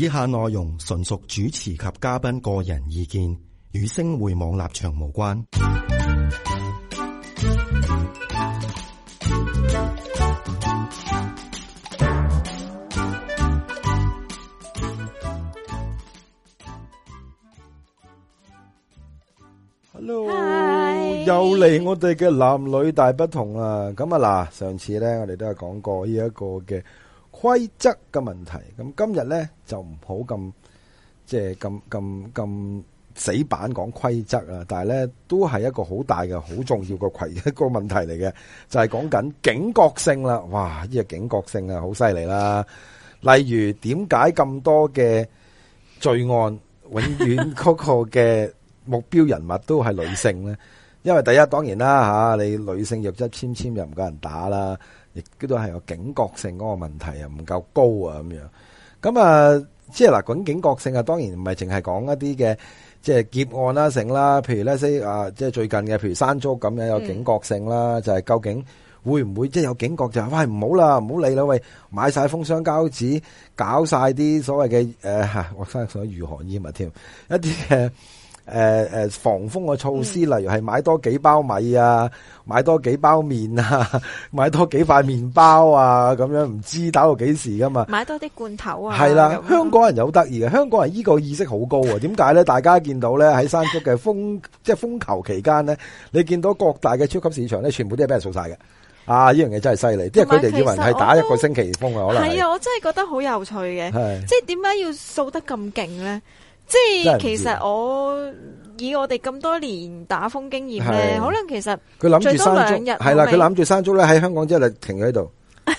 以下內容純屬主持及嘉賓個人意見，與星匯網立場無關。Hello，Hi 又嚟我哋嘅男女大不同啊！咁啊嗱，上次咧我哋都係講過呢、這、一個嘅。規則嘅問題，咁今日咧就唔好咁即係咁咁咁死板講規則啊，但係咧都係一個好大嘅、好重要嘅規一個問題嚟嘅，就係講緊警覺性啦。哇，呢、這個警覺性啊，好犀利啦！例如，點解咁多嘅罪案永遠嗰個嘅目標人物都係女性咧？因為第一，當然啦吓、啊，你女性弱質纖纖又唔夠人打啦。亦都都係有警覺性嗰個問題又唔夠高啊咁樣，咁啊即係嗱，講警覺性啊，當然唔係淨係講一啲嘅，即係劫案啦、成啦，譬如咧啲啊，即係最近嘅，譬如山竹咁樣有警覺性啦，就係究竟會唔會即係有警覺就係，喂唔好啦，唔好理啦，喂買晒封箱膠紙，搞晒啲所謂嘅誒吓，我翻上啲御寒衣物添，一啲嘅。誒誒、呃呃，防風嘅措施，嗯、例如係買多幾包米啊，買多幾包麵啊，買多幾塊麵包啊，咁樣唔知打到幾時噶嘛？買多啲罐頭啊！係啦樣、啊香，香港人有好得意嘅，香港人依個意識好高啊！點解咧？大家見到咧喺山竹嘅風， 即係風球期間咧，你見到各大嘅超級市場咧，全部都係俾人掃晒嘅。啊！呢樣嘢真係犀利，即係佢哋以為係打一個星期風啊！可能係啊，我真係覺得好有趣嘅，的即係點解要掃得咁勁咧？即係其實我以我哋咁多年打風經驗咧，的可能其實佢諗住三兩日係啦，佢諗住山竹咧喺香港之後咧停喺度，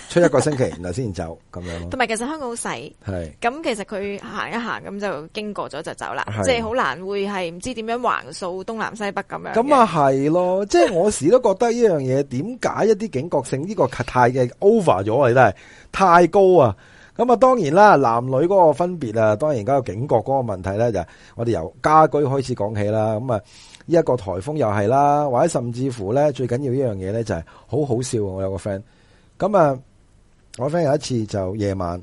吹 一個星期，然後先走咁樣咯。同埋其實香港好細，係咁的其實佢行一行咁就經過咗就走啦，即係好難會係唔知點樣橫掃東南西北咁樣。咁啊係咯，即係 我時都覺得呢樣嘢，點解一啲警覺性呢個太嘅 over 咗哋都係太高啊！咁啊，當然啦，男女嗰個分別啊，當然而家個警覺嗰個問題咧，就係，我哋由家居開始講起啦。咁啊，呢一個颱風又係啦，或者甚至乎咧，最緊要一樣嘢咧，就係好好笑。我有個 friend，咁啊，我 friend 有一次就夜晚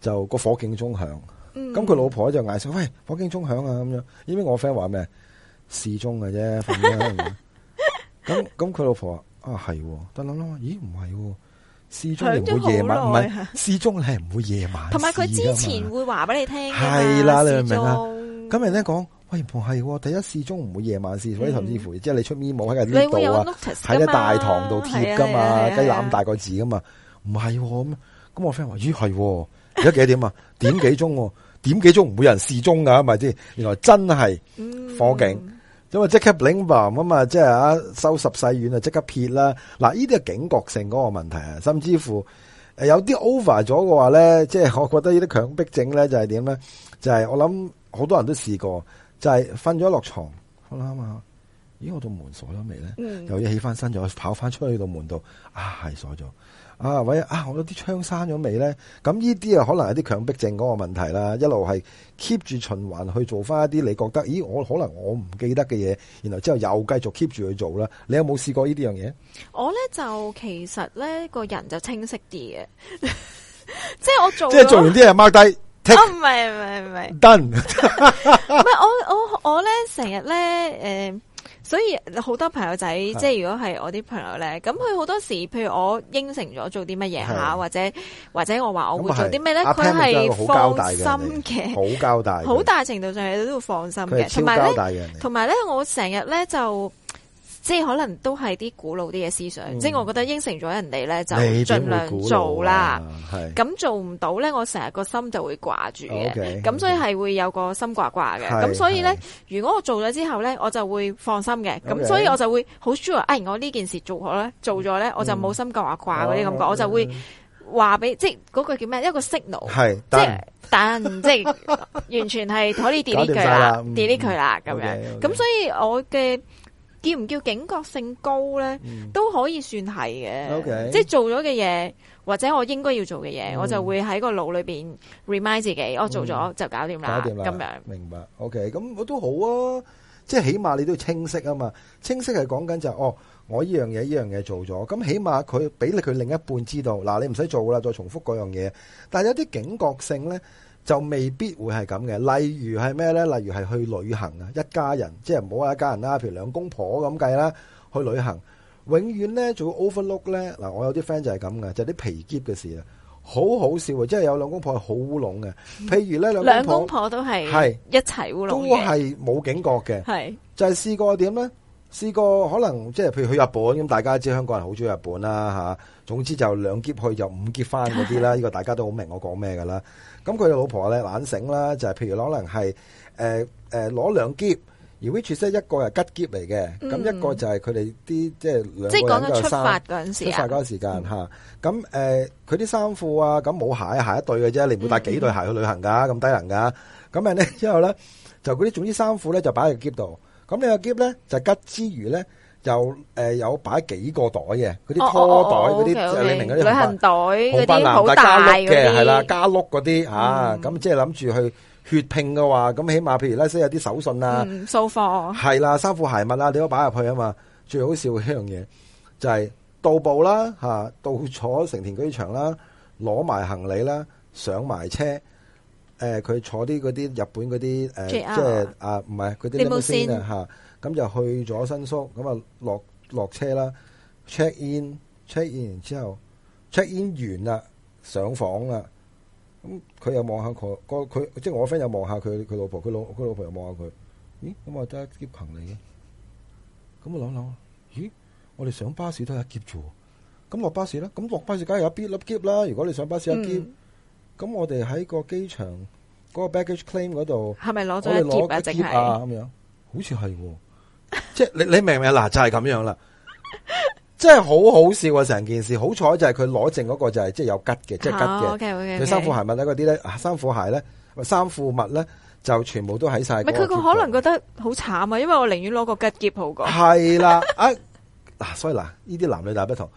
就個火警鐘響，咁佢，嗯、老婆就嗌聲，喂，火警鐘響啊！咁樣，因為我 friend 話咩？時鐘嘅啫，瞓啦。咁咁，佢 老婆話啊，啊係，得諗諗，咦唔係？始終試鐘你唔會夜晚，唔係試鐘係唔會夜晚事。同埋佢之前會話俾你聽係係啦，的終你明唔明啊？咁人哋講，喂，唔係喎，第一試鐘唔會夜晚事，所以甚至乎即係你出面冇喺呢度啊，喺呢大堂度貼噶嘛，雞乸咁大個字噶嘛，唔係？咁我 friend 話，咦係，而家幾多點啊？點幾鐘、啊？點幾鐘唔會有人試鐘噶、啊，咪即係原來真係火警。嗯因為即刻 link bomb 啊嘛，即係啊收拾細軟啊，即刻撇啦。嗱，呢啲係警覺性嗰個問題啊，甚至乎誒有啲 over 咗嘅話咧，即係我覺得呢啲強迫症咧就係點咧，就係、是、我諗好多人都試過，就係瞓咗落床，好啦嘛，咦我度門鎖咗未咧？嗯、又要起翻身咗，跑翻出去度門度，啊係鎖咗。啊，喂啊，我啲窗閂咗未咧？咁呢啲啊，可能係啲強迫症嗰個問題啦。一路係 keep 住循環去做翻一啲你覺得，咦，我可能我唔記得嘅嘢，然後之後又繼續 keep 住去做啦。你有冇試過呢啲樣嘢？我咧就其實咧個人就清晰啲嘅， 即係我做即係做完啲嘢 mark 低，唔係唔係唔係 done 唔係我我我咧成日咧誒。所以好多朋友仔，即係如果係我啲朋友咧，咁佢好多時，譬如我應承咗做啲乜嘢吓，或者或者我話我會做啲咩咧，佢係放心嘅，好交代的，好大，大程度上你都會放心嘅。同埋咧，同埋咧，我成日咧就。即係可能都係啲古老啲嘅思想，即係我覺得應承咗人哋咧就盡量做啦。係咁做唔到咧，我成日個心就會掛住嘅。咁所以係會有個心掛掛嘅。咁所以咧，如果我做咗之後咧，我就會放心嘅。咁所以我就會好 sure。哎，我呢件事做好咧，做咗咧，我就冇心掛掛嗰啲感覺。我就會話俾即係嗰句叫咩？一個 signal 係即係但即係完全係可以 delete 佢啦，delete 佢啦咁樣。咁所以我嘅。叫唔叫警覺性高咧，都可以算係嘅，OK，即係做咗嘅嘢，或者我應該要做嘅嘢，我就會喺個腦裏邊 remind 自己，我做咗就搞掂啦，搞掂啦，咁樣。明白，OK，咁我都好啊，即係起碼你都要清晰啊嘛，清晰係講緊就係，哦，我呢樣嘢呢樣嘢做咗，咁起碼佢俾你佢另一半知道，嗱，你唔使做啦，再重複嗰樣嘢，但係有啲警覺性咧，就未必會係咁嘅，例如係咩咧？例如係去旅行啊，一家人，即係唔好話一家人啦，譬如兩公婆咁計啦，去旅行，永遠咧做會 overlook 咧。嗱，我有啲 friend 就係咁嘅，就啲係皮喼嘅事啊，好好笑啊！即係有兩公婆係好烏龍嘅，譬如咧兩公婆都係係一齊烏龍都係冇警覺嘅，係是就係試過點咧？試過可能即係譬如去日本咁，大家知香港人好中意日本啦嚇。總之就兩篋去就五篋翻嗰啲啦。呢個大家都好明我講咩㗎啦。咁佢嘅老婆咧懶醒啦，就係譬如攞可能係誒誒攞兩篋，而 which one 一個係吉篋嚟嘅，咁一個就係佢哋啲即係即係講緊出發嗰陣時啊，出發嗰陣時間嚇。咁誒佢啲衫褲啊，咁冇鞋鞋一對嘅啫，你唔會帶幾對鞋去旅行㗎，咁低能㗎。咁誒咧之後咧，就嗰啲總之衫褲咧就擺喺篋度。咁你個篋咧就吉之餘咧，又誒有擺幾個袋嘅，嗰啲拖袋，嗰啲即係你明嗰啲旅行袋，嗰啲好大嘅係啦，加碌嗰啲吓，咁即係諗住去血拼嘅話，咁起碼譬如咧，先有啲手信啊，掃貨係啦，衫褲鞋襪啊，你都擺入去啊嘛。最好笑嘅一樣嘢就係到步啦吓，到咗成田機場啦，攞埋行李啦，上埋車。誒，佢、呃、坐啲嗰啲日本嗰啲誒，即、呃、係啊，唔係佢啲咁嘅先啊吓，咁就去咗新宿，咁啊落落車啦，check in，check in 然 in，之後，check in 完啦，上房啦，咁佢又望下佢個佢，即係我 friend 又望下佢佢老婆，佢老佢老婆又望下佢，咦咁我得一篋行李嘅，咁我諗諗，咦，我哋上巴士都一篋住，咁落巴士啦，咁落巴士梗係有必粒箧啦，如果你上巴士一篋。嗯咁我哋喺個機場嗰、嗰個 baggage claim 嗰度，係咪攞咗個喼啊？啊即係是，好似係， 即係你你明唔明？啊、就是？嗱就係咁樣啦，即係好好笑啊！成件事好彩就係佢攞剩嗰個就係即係有吉嘅，即係吉嘅。你衫褲鞋襪咧嗰啲咧，啊衫褲鞋咧，或衫褲襪咧，就全部都喺晒。唔係，佢個可能覺得好慘啊，因為我寧願攞個吉喼好過。係 啦，啊嗱，所以嗱，呢啲男女大不同。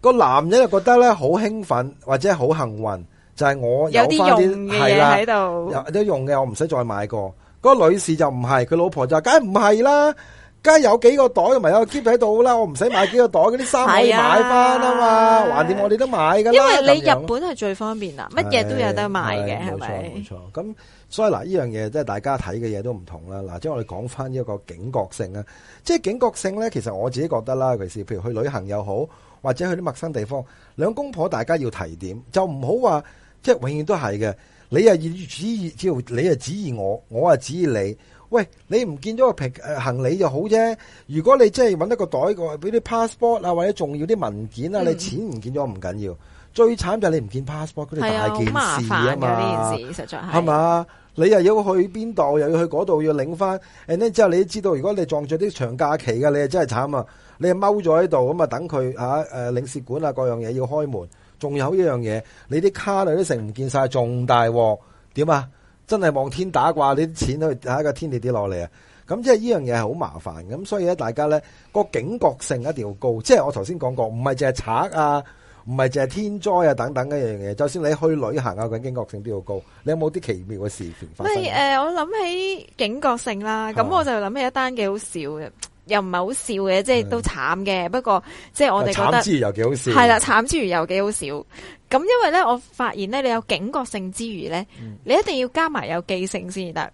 個男人又覺得咧好興奮或者好幸運。就係我有啲用嘅嘢喺度，有啲用嘅我唔使再買過。個女士就唔係，佢老婆就梗係唔係啦，梗係有幾個袋，同埋有個 keep 喺度啦，我唔使買幾個袋，嗰啲衫可以買翻啊嘛，橫掂我哋都買噶啦。因為你日本係最方便啦，乜嘢都有得買嘅，係咪？冇錯冇錯。咁所以嗱，呢樣嘢即係大家睇嘅嘢都唔同啦。嗱，即係我哋講翻呢一個警覺性啊，即係警覺性咧，其實我自己覺得啦，尤其是譬如去旅行又好，或者去啲陌生地方，兩公婆大家要提點，就唔好話。即係永遠都係嘅，你又指意，即你又指意我，我又指意你。喂，你唔見咗個誒行李就好啫。如果你真係搵得個袋過，俾啲 passport 啊或者重要啲文件啊，嗯、你錢唔見咗唔緊要。最慘就係你唔見 passport 嗰啲大件事啊嘛。好麻煩嘅呢件事，實在係。係嘛，你又要去邊度，又要去嗰度，要領翻。誒，之後你都知道，如果你撞著啲長假期嘅，你啊真係慘啊！你啊踎咗喺度，咁啊等佢吓誒領事館啊各樣嘢要開門。仲有一樣嘢，你啲卡裏都成唔見晒，仲大鑊，點啊？真係望天打卦，你啲錢去睇個天地跌落嚟啊！咁即係呢樣嘢係好麻煩咁，所以咧，大家咧，個警覺性一定要高。即係我頭先講過，唔係淨係賊啊，唔係淨係天災啊等等一樣嘢。就算你去旅行啊，個警覺性都要高。你有冇啲奇妙嘅事情發生？唔係、呃、我諗起警覺性啦，咁嗎我就諗起一單幾好笑嘅。又唔係好笑嘅，即係都慘嘅。不過，即係我哋覺得慘之餘又幾好笑。係啦的，慘之餘又幾好笑。咁因為咧，我發現咧，你有警覺性之餘咧，嗯、你一定要加埋有記性先得。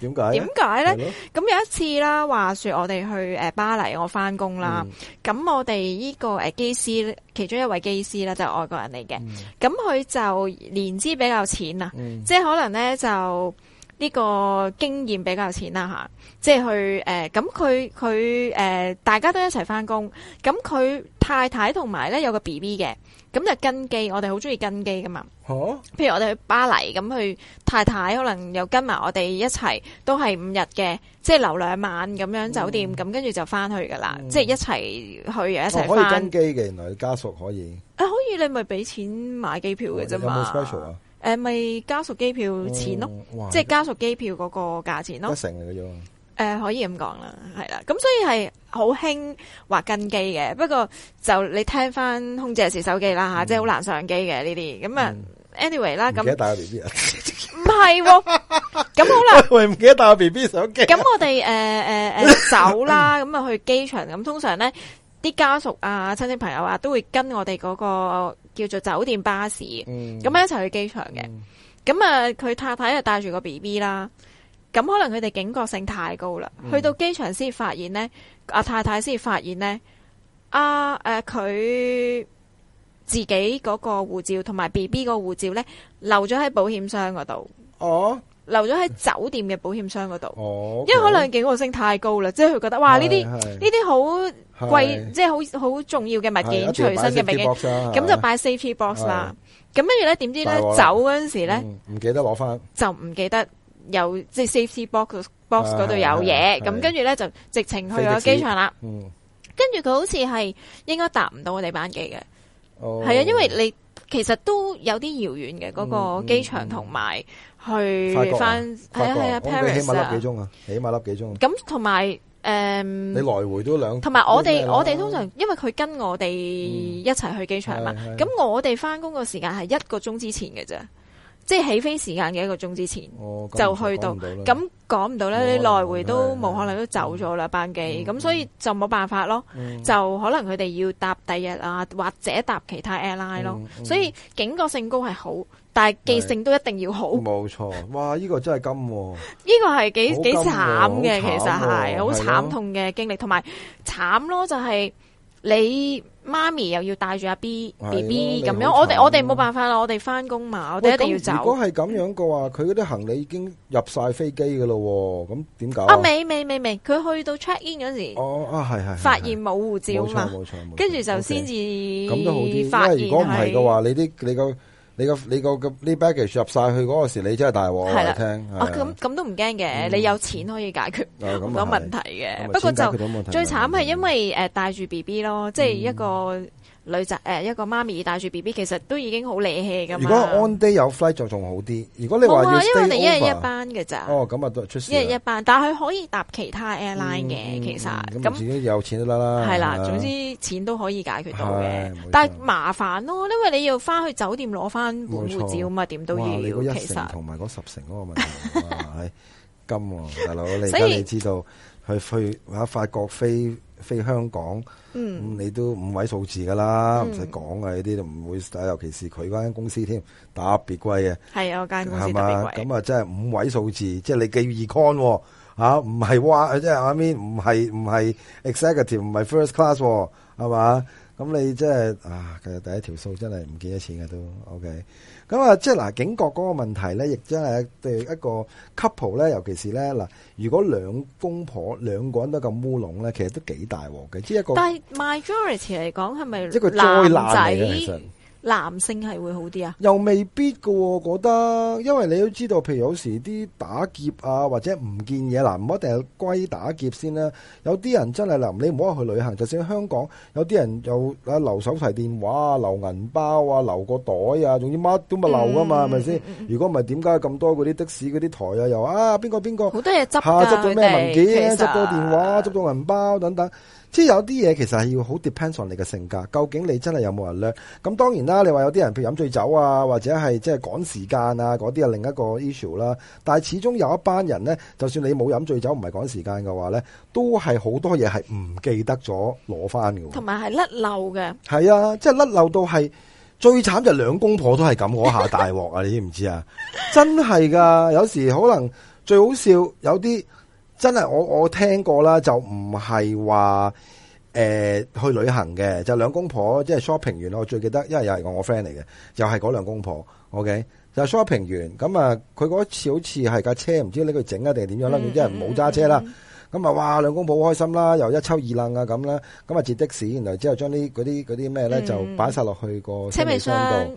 點解、啊？點解咧？咁的有一次啦，話說我哋去巴黎我，嗯、我翻工啦。咁我哋呢個機師，其中一位機師呢，就係外國人嚟嘅。咁佢、嗯、就年資比較淺啊，嗯、即係可能咧就。呢個經驗比較淺啦吓，即係去誒，咁佢佢誒，大家都一齊翻工，咁佢太太同埋咧有個 BB 嘅，咁就跟機，我哋好中意跟機噶嘛。嚇、啊！譬如我哋去巴黎，咁佢太太可能又跟埋我哋一齊，都係五日嘅，即係留兩晚咁樣酒店，咁跟住就翻去噶啦，嗯、即係一齊去一齊翻、哦。可以跟機嘅，原來家屬可以、啊。可以，你咪俾錢買機票嘅啫嘛。有誒，咪家屬機票錢咯，即係家屬機票嗰個價錢咯。一成嘅咋，誒，可以咁講啦，係啦，咁所以係好興話跟機嘅，不過就你聽翻空姐時手機啦吓，即係好難上機嘅呢啲，咁啊，anyway 啦，咁唔記得帶我 B B 啊，唔係，咁好難，唔記得帶我 B B 手機。咁我哋誒誒誒走啦，咁啊去機場，咁通常咧啲家屬啊、親戚朋友啊都會跟我哋嗰個。叫做酒店巴士，咁啊一齊去機場嘅，咁啊佢太太又帶住個 B B 啦，咁可能佢哋警覺性太高啦，嗯、去到機場先發現咧，阿太太先發現咧，啊，誒佢，啊啊、自己嗰個護照同埋 B B 個護照咧，留咗喺保險箱嗰度，哦，留咗喺酒店嘅保險箱嗰度，哦，因為可能警覺性太高啦，嗯、即係佢覺得哇呢啲呢啲好。貴，即係好好重要嘅物件、隨身嘅嘢，咁就擺 safety box 啦。咁跟住咧，點知咧，走嗰陣時咧，唔記得攞翻，就唔記得有即係 safety box box 嗰度有嘢。咁跟住咧就直情去咗機場啦。嗯，跟住佢好似係應該搭唔到我哋班機嘅。哦，係啊，因為你其實都有啲遙遠嘅嗰個機場同埋去翻法國，Paris 起碼粒幾鐘啊，起碼粒幾鐘。咁同埋。Um, 你來回都兩，同埋我哋麼我哋通常因為佢跟我哋一齊去機場嘛，咁、嗯、我哋翻工嘅時間係一個鐘之前嘅啫。即係起飛時間嘅一個鐘之前、哦、就去到，咁趕唔到呢，你來回都冇可能都走咗啦班機，咁、嗯、所以就冇辦法囉、嗯，就可能佢哋要搭第二日啊，或者搭其他 airline 囉、嗯嗯。所以警覺性高係好。但係記性都一定要好，冇錯。哇！依、這個真係金、啊，依個係幾幾慘嘅、啊，其實係好慘、啊、慘痛嘅經歷，同埋慘囉，就係你 媽咪又要帶住阿 B B B 咁樣，我哋我哋冇辦法啦，我哋翻工嘛，我哋一定要走。如果係咁樣嘅話，佢嗰啲行李已經入晒飛機嘅咯喎，咁點搞？啊，未未未未，佢去到 check in 嗰時，哦啊，係係，發現冇護照嘛，冇錯，跟住就先至咁都好啲，發現，因為如果唔係嘅話，你啲你個。你個你個個呢 baggage 入晒去嗰個時，你真係大鑊我聽。哦，咁咁都唔驚嘅，嗯、你有錢可以解決，冇問題嘅。嗯嗯、不過就最慘係因為誒帶住 B B 咯，嗯、即係一個。女仔，誒、呃、一個媽咪帶住 B B 其實都已經好離氣噶。如果 on day 有飛就仲好啲。如果你話要，因為你一日一班嘅咋。哦，咁啊，都出。一日一班，但係佢可以搭其他 airline 嘅，其實。咁、嗯嗯、自己有錢得啦啦。係啦那，吧總之錢都可以解決到嘅，對，但係麻煩咯，因為你要翻去酒店攞翻本護照嘛，點錯都要其實。同埋嗰十成嗰個問題 金、哦、大佬，以你你知道去去法國飛香港，嗯，嗯你都五位數字噶啦，唔使講啊！呢啲就唔會，但尤其是佢間公司添，特別貴啊！係啊，我間公司特別貴，係嘛？咁啊真係五位數字，即係你記二 con 吓，唔係哇，即係 I mean 唔係唔係 executive，唔係 first class，係嘛？咁你即係啊，其實第一條數真係唔記得錢嘅都 OK。咁啊，即係嗱，警覺個問題咧，亦真係對一個 couple 咧，尤其是咧嗱，如果兩公婆兩個人都咁烏龍咧，其實都幾大鑊嘅。即係一個，但係 majority 嚟講，係咪一個災難嚟嘅？其實。男性係會好啲啊？又未必㗎喎，我覺得因為你都知道，譬如有時啲打劫啊，或者唔見嘢嗱，唔一定係歸打劫先啦，啊。有啲人真係嗱，你唔好話去旅行。就算香港有啲人又啊留手提電話啊，留銀包啊，留個袋啊，仲要乜都咪留㗎嘛，係咪先？如果唔係點解咁多嗰啲的士嗰啲台啊又啊邊個邊個好多嘢執㗎佢哋，執到咩文件，執到電話，執到銀包等等。即係有啲嘢其實係要好 depends on 你嘅性格，究竟你真係有冇人叻？咁當然啦，你話有啲人譬如飲醉酒啊，或者係即係趕時間啊，嗰啲係另一個 issue 啦。但係始終有一班人咧，就算你冇飲醉酒，唔係趕時間嘅話咧，都係好多嘢係唔記得咗攞翻嘅。同埋係甩漏嘅。係啊，即係甩漏到係最慘就兩公婆都係咁嗰下大鑊啊！ 你知唔知啊？真係噶，有時可能最好笑有啲。真係我我聽過啦，就唔係話，誒去旅行嘅，就兩公婆即係 shopping 完，我最記得，因為又係我我 friend 嚟嘅，又係嗰兩公婆，OK 就 shopping 完咁啊，佢嗰次好似係架車，唔知你佢整啊定係點樣啦，佢、嗯、即係冇揸車啦，咁啊、嗯、哇，兩公婆好開心啦，又一抽二掕啊咁啦，咁啊接的士，然之後將啲嗰啲啲咩咧就擺晒落去個車尾箱度。嗯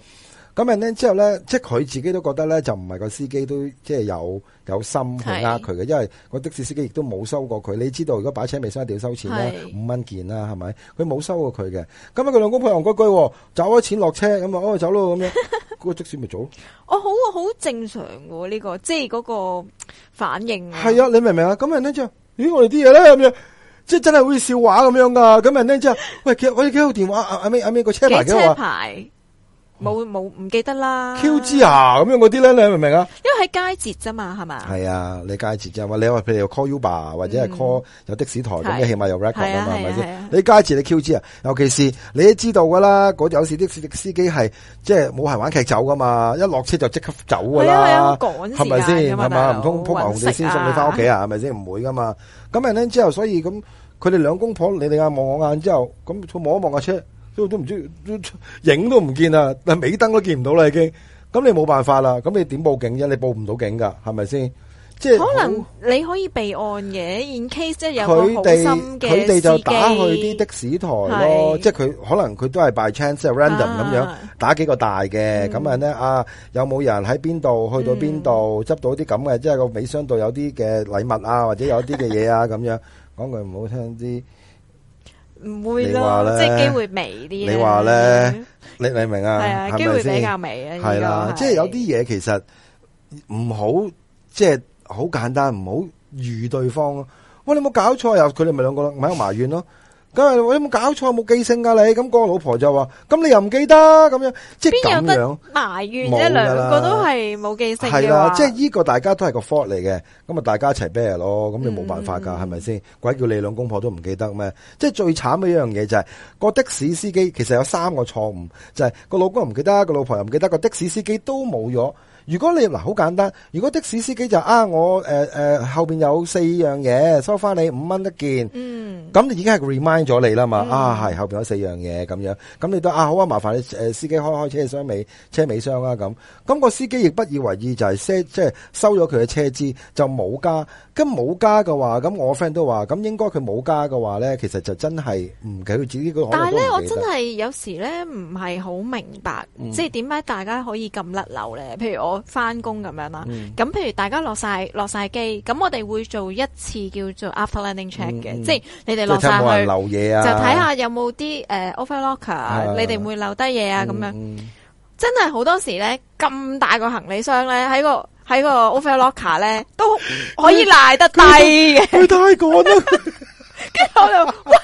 咁人呢之後咧，即係佢自己都覺得咧，就唔係個司機都即係有有心去呃佢嘅，因為個的士司機亦都冇收過佢。你知道如果擺車未收，一定要收錢啦，五蚊是的 件啦，係咪？佢冇收過佢嘅。咁啊，佢兩公婆戇居居，走咗錢落車，咁啊，哦、那個，走咯咁樣，嗰個即使咪做？哦，好好正常喎。呢、這個，即係嗰個反應、啊。係啊，你明唔明啊？咁人之就，咦，我哋啲嘢咧咁樣，即係真係好似笑話咁樣噶。咁人之就，喂，幾我我有電話，阿阿阿個車牌嘅冇冇唔記得啦。QG 啊，咁樣嗰啲咧，你明唔明啊？因為喺街節啫嘛，係嘛？係啊，你街節啫嘛，你話譬如 call Uber 或者係 call 有的士台咁，嗯、你起碼有 record 噶嘛，係咪先？啊啊啊、你街節，你 QG 啊，尤其是你都知道噶啦，嗰有時的士的司機係即係冇係玩劇走噶嘛，一落車就即刻走噶啦，係咪先？係、啊、嘛，唔通鋪埋紅地先送你翻屋企啊？係咪先？唔會噶嘛。咁誒呢，之後，所以咁佢哋兩公婆，你哋眼望我眼之後，咁佢望一望架車。都都唔知，影都唔見啦，但係尾燈都見唔到啦，已經。咁你冇辦法啦，咁你點報警啫？你報唔到警㗎，係咪先？即係可能你可以備案嘅，in case 即係有個好心嘅司機。佢哋佢哋就打去啲的士台咯，即係佢可能佢都係 by chance、random 咁樣打幾個大嘅。咁啊咧，啊有冇人喺邊度？去到邊度？執到啲咁嘅，即係個尾箱度有啲嘅禮物啊，或者有啲嘅嘢啊，咁樣講句唔好聽啲。唔會咯，即係機會微啲，嗯。你話咧，你你明啊？係啊，機會比較微啊。係啦，即係有啲嘢其實唔好，即係好簡單，唔好預對方咯，啊。喂，你冇搞錯又，啊，佢哋咪兩個咯，咪喺度埋怨咯，啊。咁啊！你有冇搞錯冇記性噶你？咁、那個老婆就話，咁你又唔記得咁樣？即係邊有得埋怨啫？兩個都係冇記性嘅。係啦，即係呢個大家都係個 fault 嚟嘅。咁啊，大家一齊 bear 咯。咁你冇辦法噶，係咪先？鬼叫你兩公婆都唔記得咩？即係最慘嘅一樣嘢就係、是、個的士司機其實有三個錯誤，就係、是、個老公又唔記得，個老婆又唔記得，個的士司機都冇咗。如果你嗱好簡單，如果的士司機就啊我誒誒後邊有四樣嘢收翻你五蚊一件，嗯，咁你已經係 remind 咗你啦嘛，啊係後邊有四樣嘢咁樣，咁你都啊好啊，麻煩你誒司機開開車箱尾車尾箱啦咁，咁個司機亦不以為意就係 set 即係收咗佢嘅車資就冇加，咁冇加嘅話，咁我 friend 都話咁應該佢冇加嘅話咧，其實就真係唔計佢自己個，但係咧我真係有時咧唔係好明白，即係點解大家可以咁甩漏咧？譬如我。翻工咁樣啦，咁、嗯、譬如大家落晒落晒機，咁我哋會做一次叫做 after landing check 嘅。嗯、即係你哋落晒去，留嘢啊、就睇下有冇啲誒 offer locker，、啊、你哋會留低嘢啊咁樣，嗯、真係好多時咧咁大個行李箱咧喺個喺個 offer locker 咧都可以賴得低嘅，太趕啦。我又喂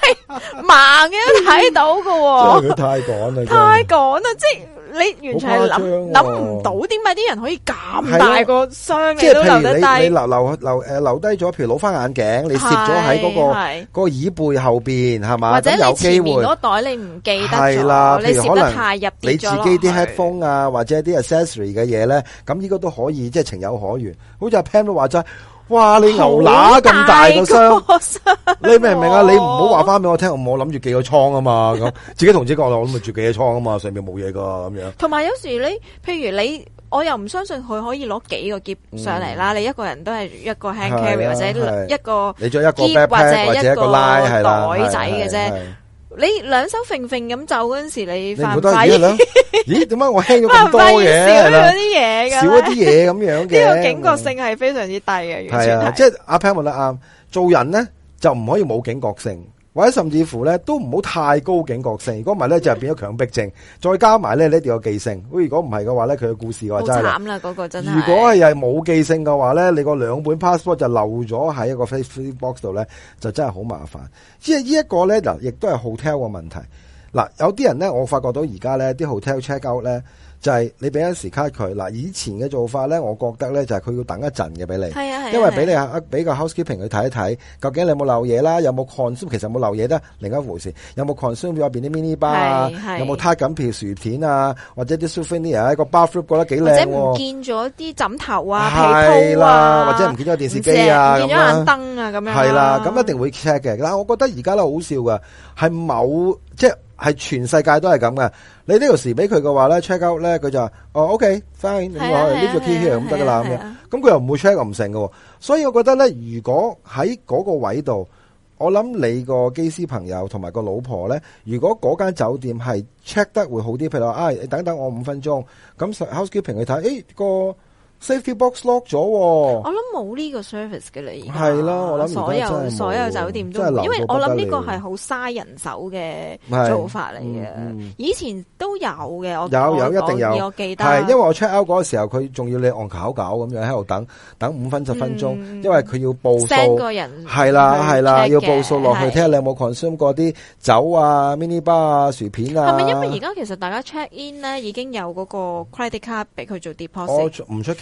盲嘅都睇到噶，即係佢太趕啦，太趕啦！即係你完全係諗諗唔到點解啲人可以咁大個箱都留得低。留留留誒留低咗，譬如攞翻眼鏡，你攝咗喺嗰個嗰個耳背後邊，係嘛？或者你前邊嗰袋你唔記得咗，你攝得太入邊咗。你自己啲 headphone 啊，或者啲 accessory 嘅嘢咧，咁呢個都可以，即係情有可原。好似阿 Pan 都話咗。哇！你牛乸咁大個箱，你明唔明啊？你唔好話翻俾我聽，我諗住寄個倉啊嘛，咁自己同自己講咯，我都咪住寄個倉啊嘛，上面冇嘢噶咁樣。同埋有時你，譬如你，我又唔相信佢可以攞幾個箧上嚟啦，你一個人都係一個 hand carry 或者一個你着一個 bag 或者一個拉袋仔嘅啫。你兩手揈揈咁走嗰陣時，你犯規。咦？點解我聽咗咁多嘢？少咗啲嘢咁。少咗啲嘢咁樣嘅。呢 個警覺性係非常之低嘅。係啊，即係阿 Pan 講得啱，做人咧就唔可以冇警覺性。或者甚至乎咧都唔好太高警覺性，如果唔係咧就變咗強迫症，再加埋咧你一定有記性。如果唔係嘅話咧，佢嘅故事嘅話真係慘啦，嗰個真係。如果係冇記性嘅話咧，你個兩本 passport 就漏咗喺一個 Facebook 度咧，就真係好麻煩。即係呢一個咧嗱，亦都係 hotel 嘅問題。嗱，有啲人咧，我發覺到而家咧啲 hotel check out 咧。就係你俾張時卡佢嗱，以前嘅做法咧，我覺得咧就係佢要等一陣嘅俾你，啊啊、因為俾你啊俾、啊、個 housekeeping 去睇一睇，究竟你有冇漏嘢啦，有冇 consume，其實冇漏嘢得。另一回事，有冇 consume 入邊啲 mini bar 啊，有冇 t a 攤緊片薯片啊，或者啲 souvenir 喺、啊、個 bathroom 過得幾靚，或者唔、啊、見咗啲枕頭啊、被鋪、啊啊、或者唔見咗電視機啊，唔見咗眼燈啊咁樣啊，係啦、啊，咁一定會 check 嘅。嗱，我覺得而家都好笑嘅係某即係。係全世界都係咁嘅，你呢條匙俾佢嘅話咧，check out 咧，佢就話哦，OK fine，咁我拎個 key here 咁得啦咁樣，咁佢、啊啊、又唔會 check 咁唔成嘅，所以我覺得咧，如果喺嗰個位度，我諗你個機師朋友同埋個老婆咧，如果嗰間酒店係 check 得會好啲，譬如話啊、哎，你等等我五分鐘，咁 housekeeping 去睇，誒、哎那個。Safety box lock 咗，我諗冇呢個 service 嘅啦，係啦，我諗所有所有酒店都，因為我諗呢個係好嘥人手嘅做法嚟嘅。以前都有嘅，有有一定有，我記得，係因為我 check out 嗰個時候，佢仲要你按搞搞咁樣喺度等，等五分十分鐘，因為佢要報數個人，係啦係啦，要報數落去，睇下你有冇 consume 過啲酒啊、mini bar 啊、薯片啊。係咪因為而家其實大家 check in 咧已經有嗰個 credit card 俾佢做 deposit？唔出。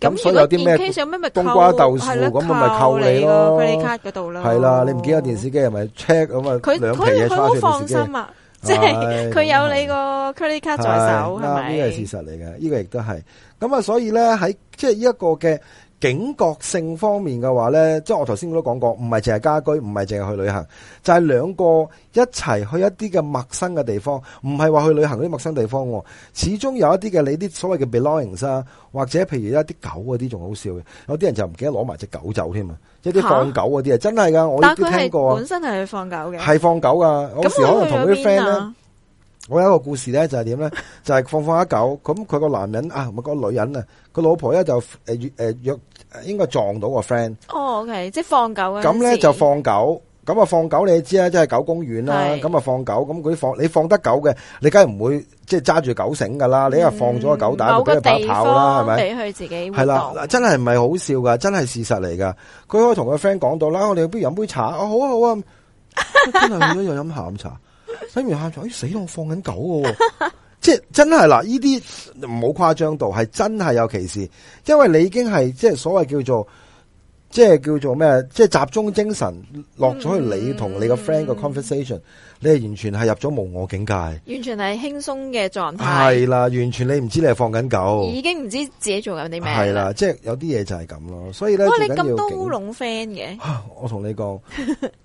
咁所以有啲咩咪冬瓜豆腐咁，咪咪扣你咯，credit card 嗰度啦。係啦，你唔見有電視機係咪 check 咁啊？佢佢佢好放心啊，即係佢有你個 credit card 在手係咪？呢個係事實嚟嘅，呢個亦都係。咁啊，所以咧喺即係呢一個嘅。警覺性方面嘅話咧，即係我頭先都講過，唔係淨係家居，唔係淨係去旅行，就係、是、兩個一齊去一啲嘅陌生嘅地方，唔係話去旅行嗰啲陌生地方，始終有一啲嘅你啲所謂嘅 belongings 啊，或者譬如一啲狗嗰啲仲好笑嘅，有啲人就唔記得攞埋隻狗走添啊，一啲放狗嗰啲啊，真係噶，我亦都聽過啊。但佢係本身係放狗嘅，係放狗噶。咁佢去邊啊？有時可能同啲 friend 啦，我有一個故事咧，就係點咧，就係放放下狗，咁佢 個男人啊，唔係個女人啊，個老婆咧就誒誒、呃呃、約。應該撞到個 friend 哦，OK，即係放狗啊咁咧就放狗，咁啊放狗你知啦，即係狗公園啦，咁啊放狗，咁佢放你放得狗嘅，你梗係唔會即係揸住狗繩噶啦，你啊放咗個狗帶，佢自己跑啦，係咪？俾佢自己係啦，真係唔係好笑噶，真係事實嚟噶。佢可以同個 friend 講到啦，我哋不如飲杯茶啊，好啊好啊，真係去咗又飲下午茶，飲完下午茶，咦死咯，我放緊狗噶。即係真係啦，呢啲，唔好誇張到，係真係有歧視。因為你已經係即係所謂叫做，即係叫做咩，即係集中精神落咗去你同你個 friend 個 conversation，嗯嗯、你係完全係入咗無我境界，完全係輕鬆嘅狀態。係啦，完全你唔知你係放緊狗，已經唔知自己做緊啲咩。係啦，即係有啲嘢就係咁咯。所以咧，不過但你咁都烏龍 friend 嘅，我同你講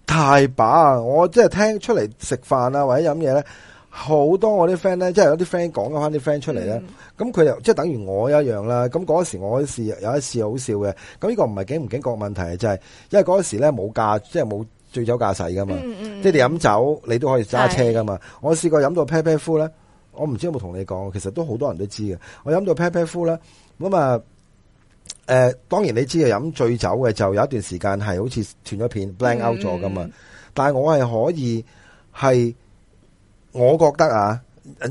太 把，我即係聽出嚟食飯啊或者飲嘢咧。好多我啲 friend 咧，即係有啲 friend 講咗翻啲 friend 出嚟咧，咁佢又即係等於我一樣啦。咁嗰時我都試，有一次好笑嘅。咁呢個唔係警唔警覺問題，就係、是、因為嗰時咧冇駕，即係冇醉酒駕駛噶嘛，嗯嗯，即係你飲酒你都可以揸車噶嘛。是的 我試過飲到啤啤夫咧，我唔知有冇同你講，其實都好多人都知嘅。我飲到啤啤夫咧，咁啊，誒、呃、當然你知啊，飲醉酒嘅就有一段時間係好似斷咗片 blank out 咗噶嘛。嗯、但係我係可以我覺得啊，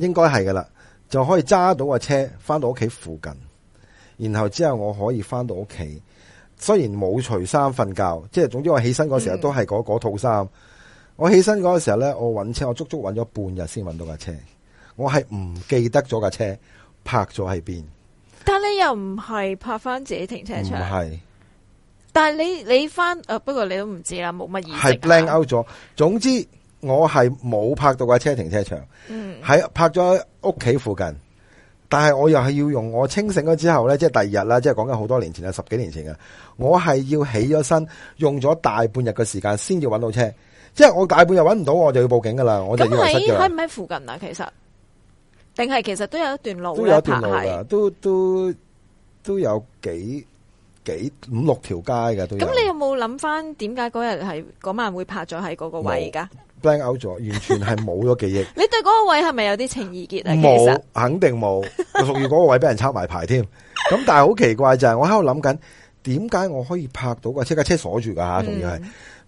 應該係噶啦，就可以揸到架車翻到屋企附近，然後之後我可以翻到屋企。雖然冇除衫瞓覺，即係總之我起身嗰時候都係嗰套衫。我起身嗰個時候咧，我搵車，我足足搵咗半日先搵到架車。我係唔記得咗架車泊咗喺邊，但你又唔係泊翻自己停車場，係是。但係你你翻誒，不過你都唔知啦，冇乜意思。係 blank out 咗，總之。我係冇拍到架車停車場，喺拍咗屋企附近，但係我又係要用我清醒咗之後咧，即係第二日啦，即係講緊好多年前啊，十幾年前啊，我係要起咗身，用咗大半日嘅時間先至搵到車，即係我大半日搵唔到，我就要報警噶啦。咁喺喺唔喺附近啊？其實，定係其實都有一段路，都有一段路啦，但係，都都都有幾幾五六條街噶。咁你有冇諗翻點解嗰日係嗰晚會拍咗喺嗰個位噶？black out 咗，完全係冇咗記憶。 你對嗰個位係咪有啲情意結啊？冇，肯定冇。阿福嗰個位俾人抄埋牌添。咁 但係好奇怪就係我喺度諗緊，點解我可以拍到個車架？車鎖住噶吓，仲要係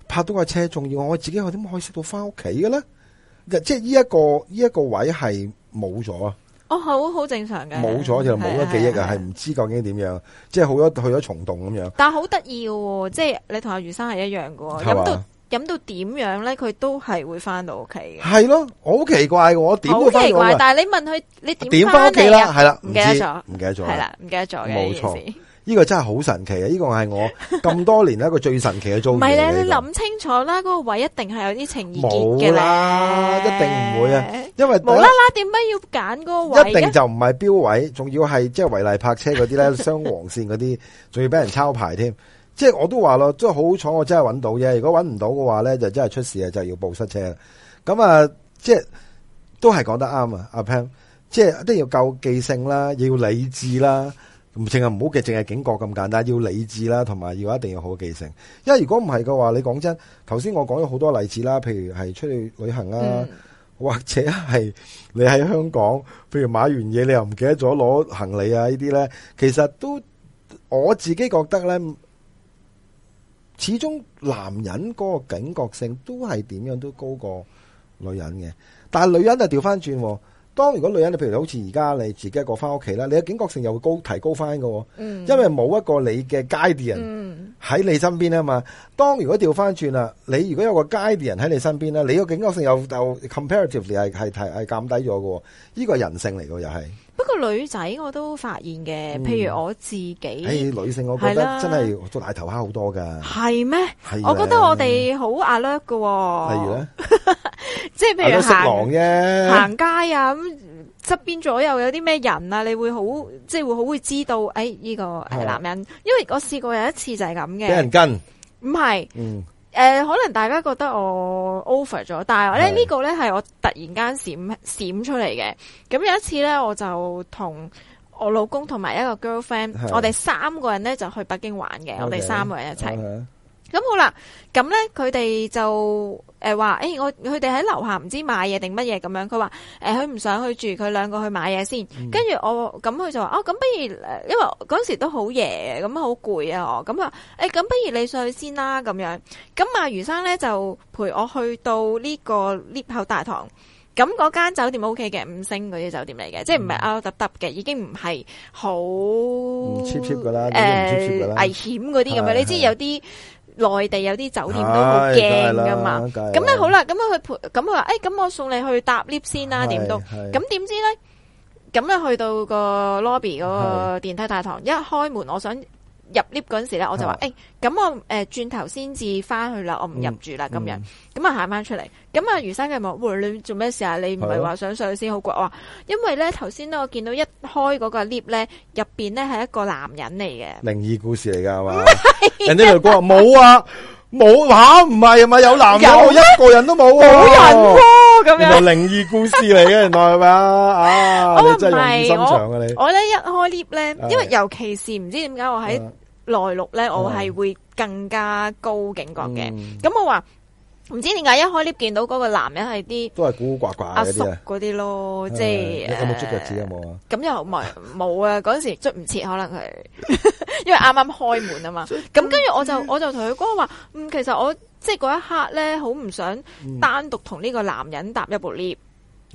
拍到架車仲要。我自己去點可以識到翻屋企嘅咧？即係呢一個呢一、這個位係冇咗啊！哦，好好正常嘅。冇咗就冇咗記憶啊，係唔知究竟點樣？即係好咗去咗蟲洞咁樣。但係好得意喎，即係你同阿余生係一樣嘅，吧飲到點樣咧，佢都係會翻到屋企嘅。係咯，好奇怪嘅，我點都翻到。好奇怪，但係你問佢，你點翻屋企啊？係啦，唔記得咗，唔記得咗，係啦，唔記得咗嘅。冇錯，呢個真係好神奇啊！呢個係我咁多年一個最神奇嘅遭遇。唔係咧，你諗清楚啦，嗰個位一定係有啲情意結嘅咧。一定唔會啊，因為無啦啦點解要揀嗰個位？一定就唔係標位，仲要係即係違例泊車嗰啲咧，雙黃綫嗰啲，仲要俾人抄牌添。即係我都話咯，即係好彩，我真係揾到啫。如果揾唔到嘅話咧，就真係出事啊，就係要報失車啦。咁啊，即係都係講得啱啊，阿 Pan，即係一定要夠記性啦，要理智啦，唔淨係唔好記，淨係警覺咁簡單，要理智啦，同埋要一定要好記性。因為如果唔係嘅話，你講真，頭先我講咗好多例子啦，譬如係出去旅行啊，嗯、或者係你喺香港，譬如買完嘢你又唔記得咗攞行李啊呢啲咧，其實都我自己覺得咧。始終男人嗰個警覺性都係點樣都高過女人嘅，但係女人就調翻轉。當如果女人你譬如好似而家你自己一個翻屋企啦，你嘅警覺性又會高提高翻嘅。嗯，因為冇一個你嘅 guardian 人喺你身邊啊嘛。嗯、當如果調翻轉啦，你如果有個 guardian 人喺你身邊咧，你個警覺性又就 comparatively 係係係係減低咗嘅。呢個人性嚟嘅又係。不過女仔我都發現嘅，譬如我自己，嗯、哎、女性嗰個的真係做大頭蝦好多噶，係咩嗎？係的我覺得我哋好 alert 嘅，例如咧，的 即係譬如行啫，行街啊咁，側邊左右有啲咩人啊，你會好，即係會好會知道，誒、哎、呢、這個誒男人，的因為我試過有一次就係咁嘅，俾人跟，唔係是。嗯誒、呃，可能大家覺得我 over 咗，但係咧呢是個咧係我突然間閃閃出嚟嘅。咁有一次咧，我就同我老公同埋一個 girlfriend，是我哋三個人咧就去北京玩嘅，okay, 我哋三個人一齊。咁 okay. 好啦，咁咧佢哋就。誒話誒，我佢哋喺樓下唔知買嘢定乜嘢咁樣。佢話誒，佢、欸、唔想去住，佢兩個去買嘢先。跟住、嗯、我咁，佢就話哦，咁不如因為嗰時都好夜，咁好攰啊！我咁啊誒，咁、欸、不如你上去先啦咁樣。咁阿馮生咧就陪我去到呢個 lift 口大堂。咁嗰間酒店 O K 嘅五星嗰啲酒店嚟嘅，嗯、即係唔係凹凹凸凸嘅，已經唔係好 cheap cheap 噶啦，危險嗰啲咁樣。的你知有啲。內地有啲酒店都好驚㗎嘛，咁咧好啦，咁樣去陪，咁佢話，誒、哎，咁我送你去搭 lift 先啦，啊，點都是，咁點的知咧，咁咧去到個 lobby 嗰個電梯大堂的一開門，我想。入 lift 嗰陣時咧，我就話誒，咁我誒轉頭先至翻去啦，我唔入住啦咁樣，咁啊行翻出嚟，咁啊余生嘅問，喂你做咩事啊？你唔係話想上去先好過啊？因為咧頭先咧我見到一開嗰個 lift 咧，入邊咧係一個男人嚟嘅，靈異故事嚟噶係嘛？人哋條哥話冇啊冇吓，唔係咪有男人？一個人都冇，冇人咁樣，原來靈異故事嚟嘅，原來係咪啊？啊，你真係用心腸啊你！我咧一開 lift 咧，因為尤其是唔知點解我喺。內陸咧，我係會更加高警覺嘅。咁、嗯、我話唔知點解一開 lift 見到嗰個男人係啲都係古古怪怪阿叔嗰啲嗰啲咯，即係、就是嗯、有冇捽腳趾有冇啊！咁又冇冇啊？嗰陣時捽唔切，可能係 因為啱啱開門啊嘛。咁跟住我就我就同佢講話，嗯，其實我即係嗰一刻咧，好唔想單獨同呢個男人搭一部 lift，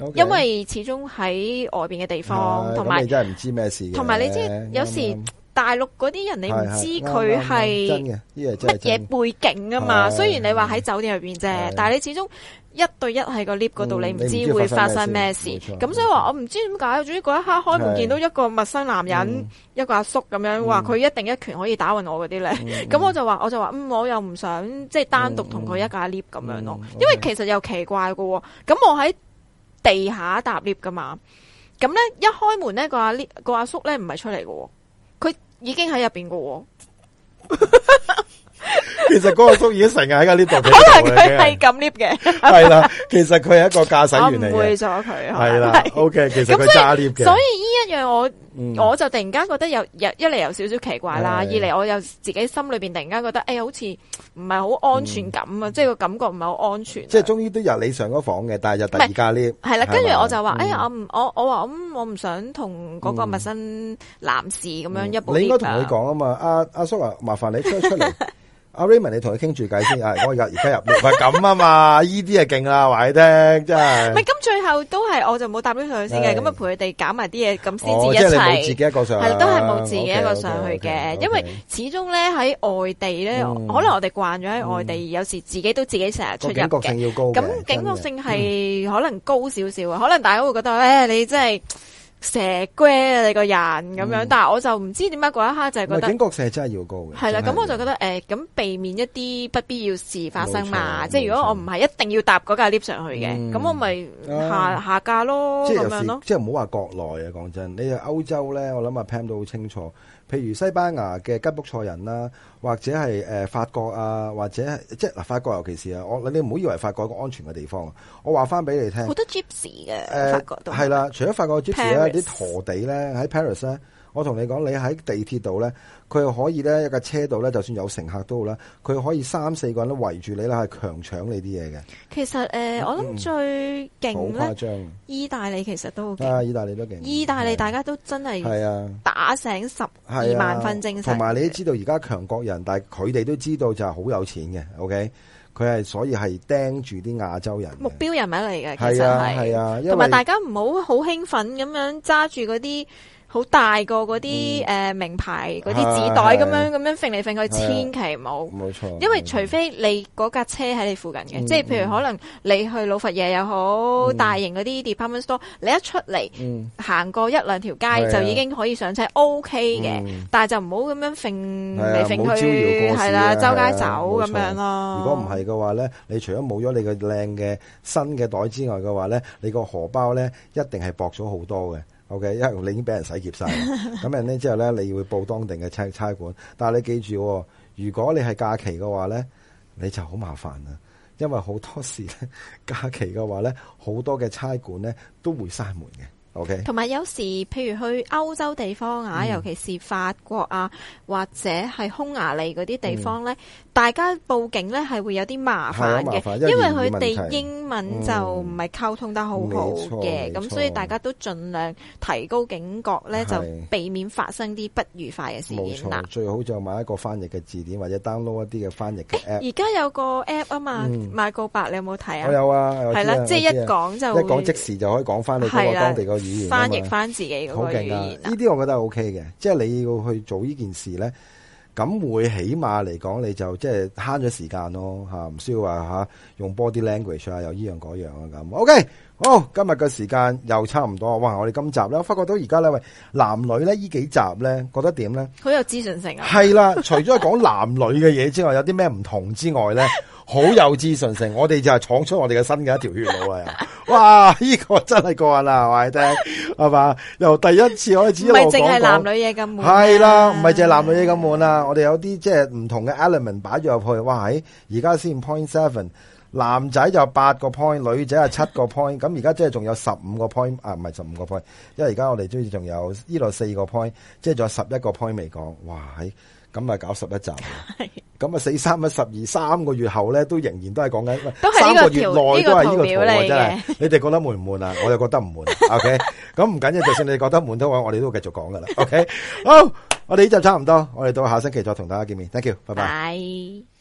嗯、因為始終喺外邊嘅地方，同埋、嗯有嗯、真係唔知咩事，同埋你知有時。嗯嗯大陸嗰啲人你唔知佢係乜嘢背景㗎嘛，係係係係係，雖然你話喺酒店入邊啫，但係你始終一對一喺個 lift 嗰度，你唔知會、嗯、發生咩事。咁冇錯所以話我唔知點解，總之嗰一刻開門見到一個陌生男人，係一個阿叔咁樣，話佢一定一拳可以打暈我嗰啲咧。咁、嗯、 我就話我就話、就是嗯，嗯，我又唔想即係單獨同佢一架 lift 咁樣咯。因為其實又奇怪嘅喎，咁我喺地下搭 lift 㗎嘛。咁咧一開門咧、個阿 lift、個阿叔咧唔係出嚟嘅喎。已經喺入邊嘅喎，其實嗰個叔已經成日喺呢度，可能佢係撳 lift 嘅，係啦了， 其實佢係一個駕駛員嚟嘅，誤會咗佢，係啦了 ，OK，其實佢揸 lift 嘅，所以呢一樣我。我就突然間覺得有有一嚟有少少奇怪啦，的二嚟我又自己心裏邊突然間覺得，哎好似唔係好安全感啊，嗯、即係個感覺唔係好安全。嗯、即係終於都入你上嗰房嘅，但係就第二而家呢？係啦，跟住吧我就話，嗯、哎呀，我唔我我話咁，我唔想同嗰個陌生男士咁樣一步、嗯。你應該同佢講啊嘛，阿阿叔啊，啊 ora, 麻煩你出出嚟。 阿 Raymond，你同佢傾住偈先啊！我而家而家入唔係咁啊嘛，依啲係勁啦，話你聽，真係。唔係咁，最後都係我就冇搭呢上去先嘅，咁啊陪佢哋揀埋啲嘢，咁先至一齊。即係冇自己一個上，係啦，都係冇自己一個上去嘅，因為始終咧喺外地咧，可能我哋慣咗喺外地，有時自己都自己成日出入嘅。咁警覺性要高嘅，咁警覺性係可能高少少啊，可能大家會覺得咧，你真係。蛇龜啊，你個人咁樣，嗯、但係我就唔知點解嗰一刻就係覺得警覺性真係要高嘅。係啦的，咁、就是、我就覺得誒，咁、呃、避免一啲不必要事發生嘛。錯即係錯如果我唔係一定要搭嗰架 lift 上去嘅，咁、嗯、我咪下、啊、下架咯，咁樣咯。即係唔好話國內啊，講真，你去歐洲咧，我諗阿 Pan 都好清楚。譬如西班牙嘅吉卜賽人啦，或者係法國啊，或者即係嗱法國尤其是啊，我你唔好以為法國一個安全嘅地方啊，我話翻俾你聽好多 Gypsy 嘅，呃，法國都係啦，除咗法國 Gypsy 咧，啲陀地咧喺 Paris 咧。我同你講，你喺地鐵度咧，佢又可以咧一架車度咧，就算有乘客都好啦，佢可以三四個人都圍住你啦，係強搶你啲嘢嘅。其實誒、呃，我諗最勁咧，嗯嗯、意大利其實都好勁，意大利都勁。意大利大家都真係係啊，打醒十二萬分精神。同埋、啊、你都知道，而家強國人，但係佢哋都知道就係好有錢嘅。OK，佢係所以係盯住啲亞洲人目標人物嚟嘅。其實係。係啊係啊，同埋、啊、大家唔好好興奮咁樣揸住嗰啲。好大個嗰啲誒名牌嗰啲紙袋咁樣咁樣揈嚟揈去，千祈唔好。冇錯。因為除非你嗰架車喺你附近嘅，即係譬如可能你去老佛爺又好，大型嗰啲 department store，你一出嚟行過一兩條街就已經可以上車 O K 嘅，但係就唔好咁樣揈嚟揈去，係啦，周街走咁樣咯。如果唔係嘅話咧，你除咗冇咗你嘅靚嘅新嘅袋之外嘅話咧，你個荷包咧一定係薄咗好多嘅。OK，因為你已經俾人洗劫曬啦， 人呢，之後咧，你會報當地嘅差差館，但你記住、哦，如果你係假期嘅話咧，你就好麻煩啦，因為好多時咧假期嘅話咧，好多嘅差館咧都會閂門嘅。Okay，同埋有時，譬如去歐洲地方啊，尤其係法國啊，或者係匈牙利嗰啲地方咧，大家報警咧係會有啲麻煩嘅，因為佢哋英文就唔係溝通得好好嘅，咁所以大家都盡量提高警覺咧，就避免發生啲不愉快嘅事件啦。最好就買一個翻譯嘅字典，或者 download 一啲嘅翻譯嘅 app。而家有個 app 啊嘛，買告白，你有冇睇啊？我有啊，係啦，即係一講就一講，即時就可以講翻你當地個。翻譯翻自己嗰個語言呢啲、啊、我覺得 OK 嘅，即係你要去做呢件事咧，咁會起碼嚟講，你就即係慳咗時間咯，吓唔需要話吓、啊、用 body language 啊，又依樣嗰樣啊咁。OK，好，今日嘅時間又差唔多，哇！我哋今集咧，我發覺到而家咧，喂，男女咧呢幾集咧，覺得點咧？好有資訊性啊！係啦，除咗係講男女嘅嘢之外， 有啲咩唔同之外咧？好有自信性，我哋就係闖出我哋嘅新嘅一條血路、 這個、啊！哇，呢個真係過癮啦係咪？聽係嘛？由第一次開始，唔係淨係男女嘢咁悶，係啦，唔係淨係男女嘢咁悶啊！ 我哋有啲即係唔同嘅 element 擺咗入去，哇！而家先 point seven，男仔就八個 point，女仔係七個 point，咁而家即係仲有十五個 point 啊，唔係十五個 point，因為而家我哋中意仲有呢度四個 point，即係仲有十一個 point 未講，哇！咁咪搞十一集，咁咪死三一十二三個月後咧，都仍然都係講緊，喂，三個月內都係呢個圖嘅，真係。 你哋覺得悶唔悶啊？我又覺得唔悶。 OK，咁唔緊要，就算你覺得悶嘅話，我哋都會繼續講噶啦。OK， 好，我哋呢集差唔多，我哋到下星期再同大家見面，Thank you，拜拜。